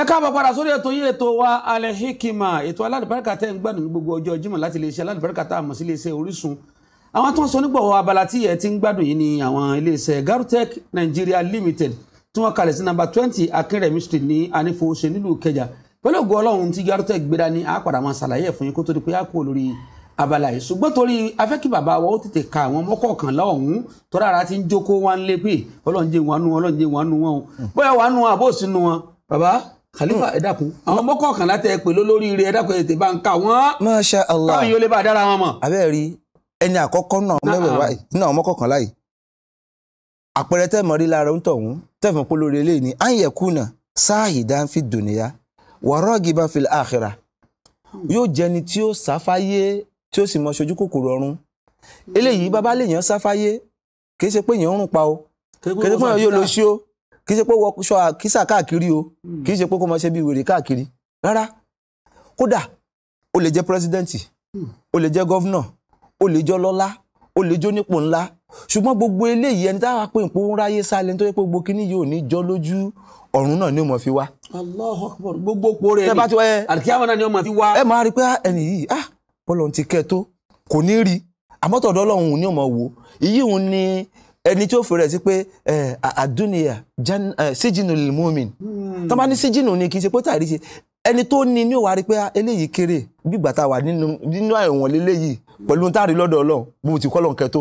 ẹ káàbọ̀ padà sórí ètò yìí ètò wa Al-Hikima ètò aládùbáríkà tẹ́ ń gbádùn ní gbogbo ọjọ́ Jímọ̀ láti iléeṣẹ́ aládùbáríkà tá a mọ̀ sí iléeṣẹ́ Orísun àwọn tó ń sọ nígbọ̀wọ́ abala tí ẹ ti ń gbádùn yìí ni àwọn iléeṣẹ́ Garutech Nigeria Limited tí wọ́n kalẹ̀ sí nàmbà twenty Akínrẹ̀mí Street ní anífowóṣe nílùú Ìkẹjà pẹ̀lú ògo Ọlọ́run tí Garutech gbéra ní àpàdà máa ṣàlàyé ẹ̀ fún yín kó tó di pé á kú lórí abala yìí ṣùgbọ́n torí afẹ́ kí bàbá wa ó tètè ka àwọn mọ́kọ̀ọ̀kan lọ́hùn-ún tọ́ra ara ti ń jókòó wá ń lépè Ọlọ́run jẹ́ ìwọ̀n nu wọn Ọlọ́run jẹ́ ìwọ̀n nu wọn o bóyá wàá nu wọn àbóòsí wọn bàbá Khalifa hmm. ẹ dákun àwọn mọ́kànlá tẹ ẹ pè lólórí rẹ ẹ dákun ẹ tẹ bá ń kà wọ́n. Masha Allah káwọn yóò lè bá a dára wọn mọ̀. abẹ́ẹ̀ rí ẹni àkọ́kọ́ náà mẹ́wẹ̀ẹ́wá nínú àwọn mọ́kànlá yìí àpẹẹrẹ tẹ́ mọ̀ rí lára ń tọ̀hún tẹ̀fọ̀n pé lórí eléyìí ni anyẹ̀kúnà sáàhìdán fi dùnìyà wàrọ́ọ̀gì bá fi àkhírà yóò jẹni tí ó sáfáyé tí ó sì mọ ṣojú kòkòrò ọ̀run eléyìí bàbá lèèyàn sáfáyé kì í ṣe pé èèyàn ń rùn pa o kì í ṣe pé èèyàn yóò lo ṣí o kì í ṣe pé wọṣọ àkísà káàkiri o hmm. kì í ṣe pé kó máa ṣe bí wèrè káàkiri rárá kódà o lè jẹ pírẹsidẹ́ǹtì hmm. o lè jẹ gọ́vnà o lè jọ lọ́lá o lè jó nípò ńlá ṣùgbọ́n gbogbo eléyìí ẹni táwa pé nǹkan ń ráyé sálẹ̀ nítorí pé gbogbo kíní yóò ní jọ lójú ọ̀run náà ni ó mọ̀ fi wá. Allahu gbogbo po rẹ̀ ni àlùkìyámà náà ni ó mọ̀ fi wá. ẹ máa rí pé ah, ẹni yìí ah bọ́lọ̀ ẹni tí ó fèrè sí pé àdúnìyà síjìnù lèmọ́mìn hmm. tó bá ní síjìnù ni kì í ṣe pé tàrí ṣe ẹni tó ní ní òwárí pé ah, eléyìí kéré bí ìgbà tá a wà nínú ẹ̀wọ̀n lélẹ́yìí pẹ̀lú táàrí lọ́dọ̀ ọlọ́run bó ti kọ́ lọ́nkẹ́ tó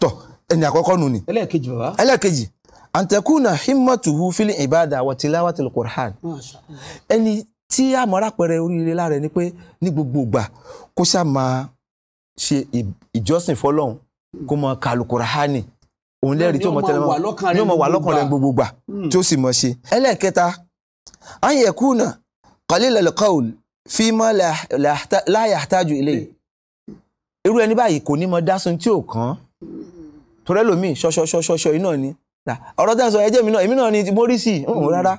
tọ̀ ẹni àkọ́kọ́ nù ni. ẹlẹ́ẹ̀kejì bàbá. ẹlẹ́ẹ̀kejì àǹtẹ̀kùnà himmatuhu fili ibada wàtíláwàtí qur'an ẹni tí a mọ̀ rápẹrẹ oríire lára ẹni pé ní gbogbo ìgbà kó ṣáà máa ṣe ìjọsìn fọlọ́run kó mọ kàlùkùránì òun lẹ́rìí tí ó mọ tẹ̀lé mọ́ ní ó mọ wà lọ́kàn rẹ̀ gbogbo gbà hmm. tí ó sì mọ ṣe. ẹlẹ́ẹ̀kẹta ayẹ̀kúnà qalilal qawl fima la yahtaju ilayhi irú ẹni báyìí kò ní mọ dásun tí ò kàn án torẹ́ lomi ṣọṣọṣọṣọ iná ni ọ̀rọ̀ tẹ́ ń sọ ẹjẹ́ mi náà èmi náà ni mo rí sí i hmm. rárá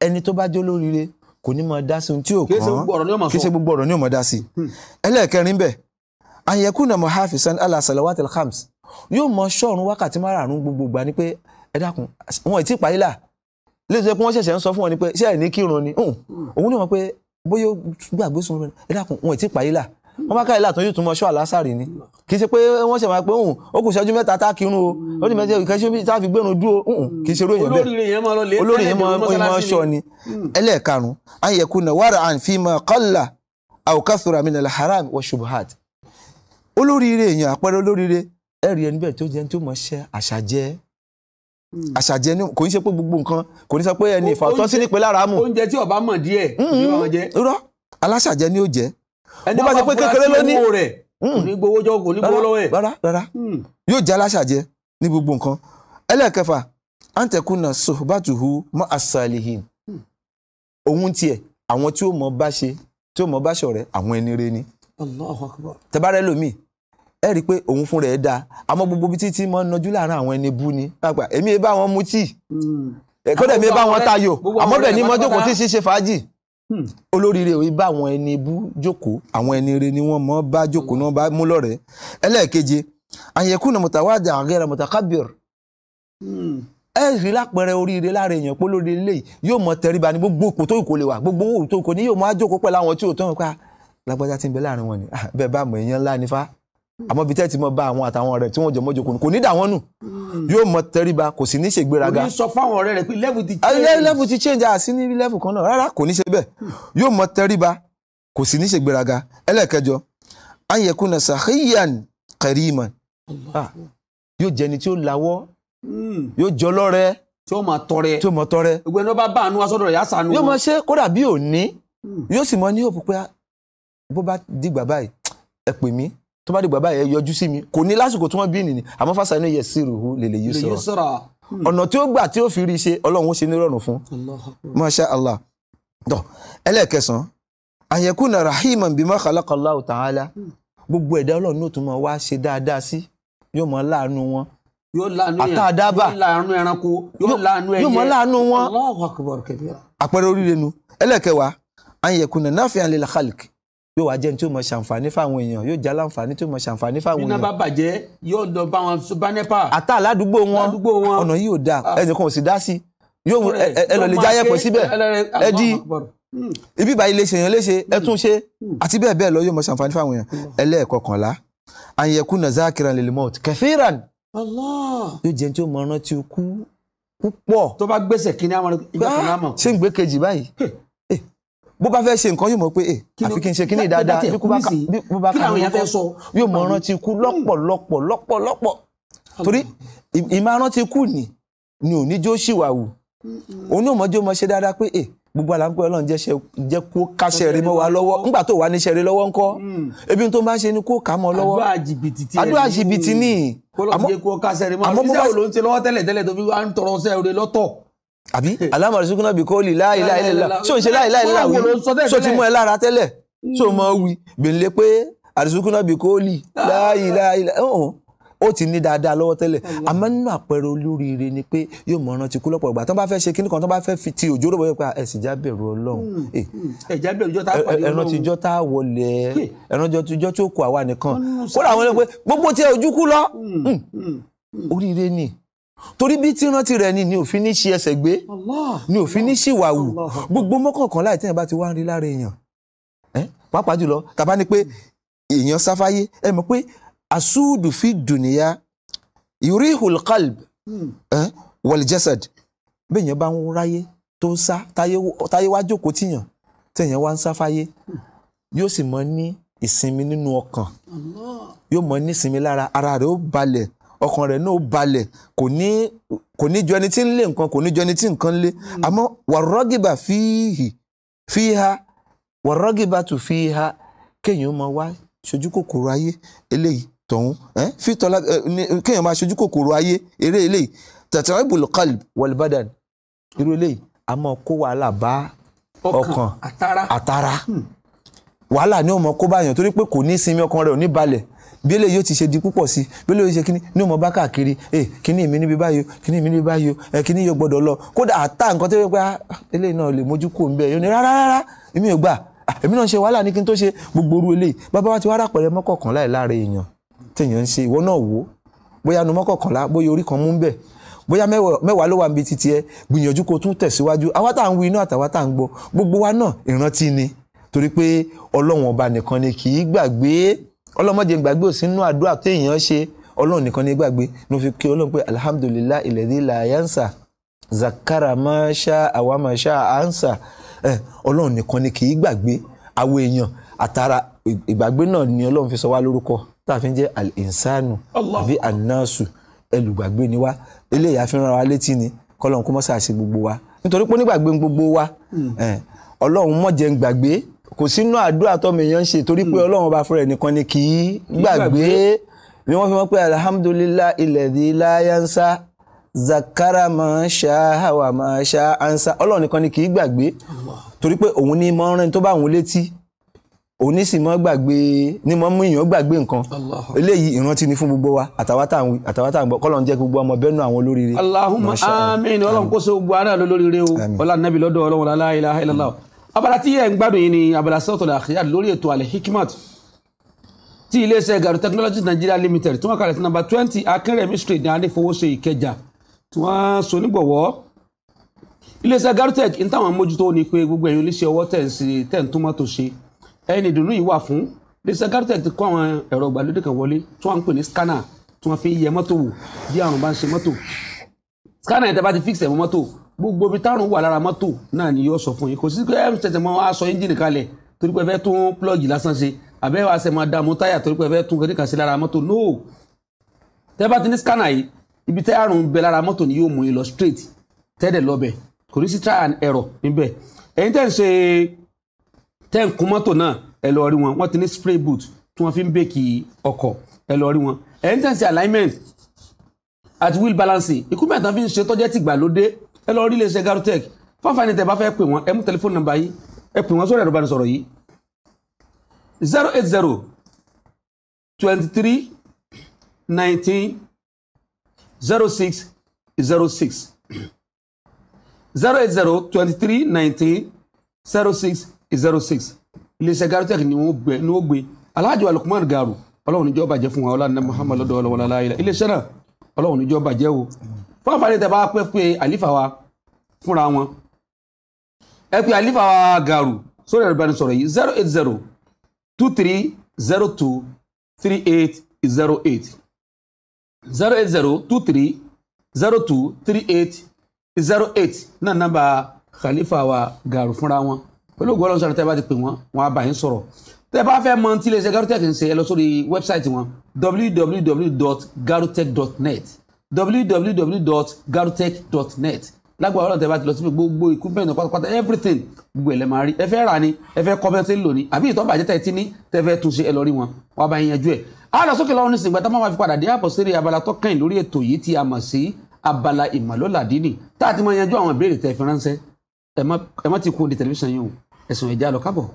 ẹni tó bá jó lóríire kò ní mọ dásun tí ò kàn án kí ṣe gbogbo ọ̀rọ̀ ni ó mọ dá sí i hmm. ẹlẹ́ẹ̀kẹrin bẹ́ẹ̀ àyẹ̀kùnà muhafisan ala salawat alhams yóò mọ ṣọ́ọ̀rùn wákàtí márààrún gbogbo gbà ni pé ẹ dákun wọn ti parí là léṣe pé wọ́n ṣẹ̀ṣẹ̀ ń sọ fún wọn ni pé ṣé ẹ̀ ní kírun ni òun ni wọn pé bóyá gbàgbé sun ẹ dákun wọn ti parí là wọn bá káyìí látọ̀ yóò tún mọ ṣọ́ àlásàrì ni kì í ṣe pé wọ́n ṣe máa pé òun ó kù ṣẹ́jú mẹ́ta tá a kírun o ó ní mẹ́ta ìkẹ́ṣẹ́ bí tá a fi gbẹ́run kì í ṣe olóyìn bẹ́ẹ̀ olórí yẹn máa ṣọ ni hmm. ẹlẹ́ẹ̀karùn-ún ayẹ̀kùnà wàrà àǹfìmọ̀ kọ́là àwòkàṣùrà min al-haram wa shubuhat olóríire èèyàn àpẹẹrẹ olóríire ẹ rí ẹni bẹ́ẹ̀ tó jẹ́ tó mọ̀ ṣẹ́ àṣàjẹ́ hmm. àṣàjẹ́ ni kò ní ṣe pé gbogbo nǹkan kò ní sọ pé ẹni ìfàtọ́ sí nípe lára mu. oúnjẹ tí ọba mọ̀ díẹ̀ ní hmm, wọn jẹ. irọ́ aláṣàjẹ́ ni ó jẹ́. ẹni ọba fúnra sí owó rẹ̀ kò hmm. ní gbowó jọ kò ní gbowó lọ́wọ́ ẹ̀. rárá rárá yóò jẹ́ aláṣàjẹ́ ní gbogbo nǹkan. ẹlẹ́ẹ̀kẹfà antekuna sohbatuhu ma asalihin òun tiẹ̀ àwọn tí ó mọ̀ bá ṣe tí ó mọ̀ bá ṣọ̀rẹ́ àwọn ẹni rẹ ni. Allahu akbar. tẹ bá lómi ẹ rí i pé òun fún rẹ̀ dáa àmọ́ gbogbo ibi títí mọ́ nájú láàárín àwọn ẹni bú ni èmi bá wọn mu tíì hmm. kódà mi bá wọn tayò àmọ́ bẹ́ẹ̀ ni mo jókòó tí ṣíṣe fàájì hmm. olóríire òye bá àwọn ẹni bú jókòó àwọn ẹni re ni wọ́n mọ́ bá jókòó náà bá mú lọ́rẹ̀ẹ́ ẹlẹ́ẹ̀keje àyẹ̀kú na mọ̀tàwádà àgẹ́rẹ́ mọ̀tàkábìr hmm. ẹ rí lápẹẹrẹ oríire lára èèyàn pé lórí ilé yóò mọ tẹríba ní gbogbo òkú tó ìkó lè wà gbogbo òkú tó ìkó ní yóò mọ àjókòó pẹ̀lú àwọn tí ò tán ah, lágbájá tí ń bẹ láàrin wọn ni ah, bẹ́ẹ̀ bá mọ èèyàn ńlá nífà Hmm. àmọ́ ibi tẹ́ ti mọ bá àwọn àtàwọn ọ̀rẹ́ tí wọ́n jọ mọ́jọ kùnú kò ní dà wọ́n nù hmm. yóò mọ tẹríba kò sì ní ṣègbéraga. kò ní sọ fáwọn ọ̀rẹ́ rẹ̀ pé level ti change. level ti change àsí ní level kan náà rárá kò ní ṣe bẹ́ẹ̀ hmm. yóò mọ tẹríba kò sì ní ṣègbéraga ẹlẹ́ẹ̀kẹjọ ayẹkùnà sàkéyàn kẹrìmọ̀ yóò jẹni tí ó lawọ́ yóò jọ lọ́rẹ́ tí ó máa tọrẹ tí ó máa tọrẹ ìgbẹ́ ní ó bá bá àánú asọ́dọ̀ rẹ̀ yásánú yóò máa ṣe kódà bí tó bá di bàbá yẹn yọjú sí mi kò ní lásìkò tí wọ́n bí nìyí àmọ́ fásánù yẹ sí rùhù lèlè yìí sọ̀rọ̀ hmm. ọ̀nà tí ó gbà tí ó fi rí ṣe ọlọ́run ó ṣe nírọ̀rùn fún masha allah tọ́ ẹlẹ́ẹ̀kẹsàn àyẹ̀kùnà rahiman bima khalaqa Allahu ta'ala hmm. gbogbo ẹ̀dá ọlọ́run yóò tún máa wá ṣe dáadáa sí yóò máa láàánú wọn yóò láàánú yẹn àtàdábà yóò láàánú láàánú wọn àpẹẹrẹ oríire nu ẹlẹ́ẹ̀kẹwàá àyẹ̀kùnà nafi'an yóò wá jẹ́ ní tí ó mọ ṣàǹfààní fáwọn èèyàn yóò já láǹfààní tí ó mọ ṣàǹfààní fáwọn èèyàn. bí iná bá bàjẹ́ yóò lọ bá wọn bá nẹ́pà. àtà aládùúgbò wọn ọ̀nà yìí ò dáa ah. ẹnìkan ò sì dá sí yóò ẹ lọ lè jáyẹ̀ pọ̀ síbẹ̀ ẹ di hmm. ibi ìbáyìí lè ṣe èèyàn léṣe ẹ tún ṣe hmm. àti bẹ́ẹ̀ bẹ́ẹ̀ lọ yóò mọ ṣàǹfààní fáwọn èèyàn hmm. ẹlẹ́ẹ̀kọkànlá àyẹ̀kùnà zákiran lil maut kafiran yóò jẹ́ tí ó mọ rántí ikú púpọ̀. tó bá gbèsè kíní àwọn ìgbà kan náà bó bá fẹ́ ṣe nǹkan yóò mọ̀ pé eh, àfi kí n ṣe kí ni dáadáa bí kú bá kà mí kọ́ yóò mọ̀ rántí hmm. ikú hmm. lọ́pọ̀lọpọ̀ lọ́pọ̀lọpọ̀ torí ìmárántí ikú ni ni ò ní jó ṣìwà wù hmm. òun ní òmọ́jọ́ mọ́ ṣe dáadáa pé eh, gbogbo àlàńpẹ́ ọlọ́run jẹ́ kó káṣẹ́ rí mọ́ wa lọ́wọ́ nígbà tó wà níṣẹ́ rí lọ́wọ́ ńkọ́ ebi tó máa ń ṣe ni kó kà á mọ́ lọ́wọ́ àdúrà jìbìtì ni àmọ́ bó bá ló ń ṣe lọ́wọ́ tẹ́lẹ̀ tẹ́lẹ̀ tó fi wá ń tọrọ ṣẹ́ rẹ lọ́tọ̀ àbí alámọ̀rẹ́sùkúnná bí kò lè láìláìláìlá so ìṣe láìláìlá wí so ti mú ẹ lára tẹ́lẹ̀ so hmm. mọ wí gbèlè pé àrísùkúnná bí kò lè láìláìlá ó ti ní dáadáa lọ́wọ́ tẹ́lẹ̀ àmọ́ nínú àpẹẹrẹ olóríire ni pé yóò mọ ọ̀ràn ti kú lọ́pọ̀ ìgbà tó bá fẹ́ ṣe kíní kan tó bá fẹ́ fi ti òjò rògbòdò pa ẹ̀sìn já bẹ̀rù ọlọ́run hmm. hmm. ẹ̀ràn tijọ́ tá a wọlé ẹ̀ràn tijọ́ tí ó kọ àwa nìkan kódà àwọn ẹlẹ́gbẹ́ gbogbo tí ojú kú lọ oríire ni torí bí tí rántí rẹ ni ni òfin ní ṣe ẹsẹ̀ gbé ni òfin ní ṣe ìwà wù gbogbo mọ́kànkàn láì tẹ́yìn bá ti wá ń rí lára èèyàn pàápàá jùlọ tàbá ni pé èèyàn sáfáyé ẹ mọ̀ pé asúdù fi dùnìyà yurihul qalb hmm. wal jasad bẹ́ẹ̀yàn bá ń ráyé tó ń sá táyé wá jókòó tìyàn tẹ̀yàn wá ń sáfáyé hmm. yóò sì mọ ní ìsinmi nínú ọkàn yóò mọ ní ìsinmi lára ara rẹ̀ ó balẹ̀ ọkàn rẹ̀ náà balẹ̀ kò ní kò ní jọ ẹni tí ń lé nǹkan kò ní jọ ẹni tí nǹkan lé hmm. àmọ́ wàrọ́gìbà fíhì fíhà wàrọ́gìbà tù fíhà kéèyàn máa wá ṣojú kòkòrò ayé eléyìí tọ̀hún fítọ́lá kéèyàn máa ṣojú kòkòrò ayé eré eléyìí tàtàrà ìbùlọ̀ kálí wàlúbàdàn irú eléyìí a máa kó wàhálà bá ọkàn àtara hmm. wàhálà ni ó máa kó báyàn torí pé kò ní sinmi ọkàn rẹ̀ ò ní balẹ̀ bí eléyìí yóò ti ṣe di púpọ̀ sí bí eléyìí yóò ṣe kíní ní òmò bá káàkiri ẹ eh, kíní mi níbi báyìí kíní mi níbi báyìí ẹ eh, kíní yóò gbọdọ̀ lọ kódà àtà nǹkan tó yẹ pé ah, eléyìí náà lè mójú kó ń yóò ní rárá rárá èmi ò gbà ah, èmi náà ṣe wàhálà ní kí n tó ṣe gbogbo orú eléyìí bàbá wa ti wá rápẹ̀rẹ̀ mọ́kọ̀kànlá ẹ̀ láàrin èèyàn téèyàn ń ṣe ìwọ náà wò bóyá nu mọ́kọ̀kànlá bóyá orí kan mú ń bẹ̀ bóyá mẹ́wàá ló wà níbi títí ẹ gbìyànjú kó tún tẹ̀síwájú àwa tá à ń wí iná àtàwa tá à ń gbọ́ gbogbo wa náà ìrántí ni torí pé ọlọ́run ọba nìkan ni kì í gbàgbé ọlọ́mọdé gbàgbé òsì nínú àdúrà téèyàn ṣe ọlọ́run nìkan ní gbàgbé ló fi kí ọlọ́run pé alhamdulillah ilẹ̀dí la yansa zakara masha awamasha ansa ọlọ́run nìkan ni kì í gbàgbé àwọn èèyàn àtàrà ìgbàgbé náà ni ọlọ́run fi sọ wá lórúkọ tá a fi àbí anasu ẹlùgbàgbé ni wá eléyà fi rán wa létí ni kọ́lọ́run kó mọ́ sàṣe gbogbo wa nítorí pé onígbàgbé gbogbo wa hmm. ọlọ́run mọ̀jẹ̀ ń gbàgbé kò sínú àdúrà tọ́mọ èèyàn ń ṣe torí pé hmm. ọlọ́run ọba fúnra ẹ̀ ni kì í gbàgbé ni wọ́n fi mọ̀ pé alhamdulillahi illadhi la yansa zakara máa ń ṣá àwà máa ṣá ansa ọlọ́run nìkan ni kì í gbàgbé torí pé òun ni mọ́ rìn tó bá òun létí òun ní sì mọ́ gbàgbé ni mọ́ mú èèyàn gbàgbé nǹkan eléyìí ìrántí ni fún gbogbo wa àtàwátà ń gbọ́ kọ́lọ́n jẹ́ gbogbo ọmọ bẹ́nu àwọn olóríire. Allahumma àmín ọlọ́run kó so gbogbo ara lóríire o ọlá nàbì lọ́dọ̀ ọlọ́run la ilaha illallah abala tí ẹ̀ ń gbádùn yìí ni abala sọ́tọ̀ àkíyàd lórí ètò Al-Hikmat tí iléeṣẹ́ Garu Technologies Nigeria Limited tí wọ́n kalẹ̀ sí nàmbà twenty Akínrẹ̀mí street ní adéfowóṣe Ìkẹjà tí wọ́n so nígbọ̀wọ́ iléeṣẹ́ tech ń táwọn mójútó ni pé gbogbo ẹ̀yin oníṣẹ́ ọwọ́ tẹ̀ ń ṣe tẹ̀ ń túmọ̀ tó ṣe ẹni ìdùnnú yìí wà fún iléeṣẹ́ Garutech ti kó àwọn ẹ̀rọ ìgbàlódé kan wọlé tí wọ́n ń pè ní scanner tí wọ́n fi ń yẹ mọ́tò wò bí àrùn bá ń ṣe mọ́tò scanner yẹn tẹ́ bá ti fix ẹ̀ mọ́tò gbogbo ibi tárùn wà lára mọ́tò náà ni yóò sọ fún yín kò sí pé ẹ tẹ̀sẹ̀ mọ́ aṣọ ẹ́ńjìnì kalẹ̀ torí pé ẹ fẹ́ tún plọ́ọ̀gì lásán ṣe àbẹ́ wa ṣe máa dààmú táyà torí pé ẹ fẹ́ tún kẹ́ríkà sí lára mọ́tò no tẹ́ bá ti ní scanner yìí ibi tẹ́ àrùn bẹ lára mọ́tò ni yóò mú yín lọ straight tẹ́dẹ̀ lọ́bẹ̀ kò ní sí try and error níbẹ̀ ẹ̀yin tẹ́ ń ṣe tẹ́ ń kún mọ́tò náà ẹ lọ rí wọn wọ́n ti ní spray boot tí wọ́n fi ń bèkì ọkọ̀ ẹ lọ rí wọn ẹ̀yin tẹ́ ń ṣe alignment at wheel balancing ìkúmẹ̀tàn fi ń ṣe tọ́jẹ́ tìgbàlódé ẹ lọ rí iléeṣẹ́ Garutech fáfáìní tẹ́ bá fẹ́ pè wọ́n ẹ mú tẹlifóònù nàmbà yìí ẹ pè wọ́n sórí ẹ̀rọ ìbánisọ̀rọ̀ yìí zero eight zero twenty three nineteen zero six zero six zero eight zero twenty three nineteen zero six zero six iléeṣẹ́ Garutech ni wọ́n gbé ni wọ́n gbé Alhaji wa Lukman Garu ọlọ́run níjọ́ bàjẹ́ fún wa ọlọ́run ní Muhammadu ọlọ́run wọlé aláìlá iléeṣẹ́ náà ọlọ́run níjọ́ bàjẹ́ o fún àǹfààní tẹ́ bá pẹ́ pé àlífà wa fúnra wọn ẹ pé àlífà wa gàrú sórí ẹ̀rọ ìbánisọ̀rọ̀ yìí zero eight zero two three zero two three eight zero eight zero eight zero two three zero two three eight zero eight náà nọ́mbà khalifa wa gàrú fúnra wọn pẹ̀lú ògùn ọlọ́run sọ̀rọ̀ tẹ́ bá ti pè wọ́n wọ́n á bá yín sọ̀rọ̀ tẹ́ bá fẹ́ mọ tí iléeṣẹ́ garutech ń ṣe ẹ lọ sórí wẹ́bsáìtì wọn www.garutech.net www.garutech.net lágbára ọlọ́run tẹ́ bá ti lọ sí gbogbo equipment pátápátá everything gbogbo ẹ̀ lẹ́ máa rí ẹ fẹ́ rà ni ẹ fẹ́ kọ́ bẹ́ẹ̀ tí ń lò ní àbí ìtọ́ bàjẹ́ tẹ̀ tí ní tẹ́ fẹ́ túnṣe ẹ lọ rí wọn wàá bá yanjú ẹ̀. a lọ sókè lọ́run nísìnyí gbàtà máa fi padà dé àpò sórí abala tó kàn lórí ètò yìí tí a mọ̀ sí abala ìmọ̀lódàdínì tá a ti máa yanjú àwọn ìbéèrè tẹ́ fi ránṣẹ́ ẹ má ti kú di tẹlifíṣàn yìí o ẹ̀sùn ìjà lọ kábọ̀.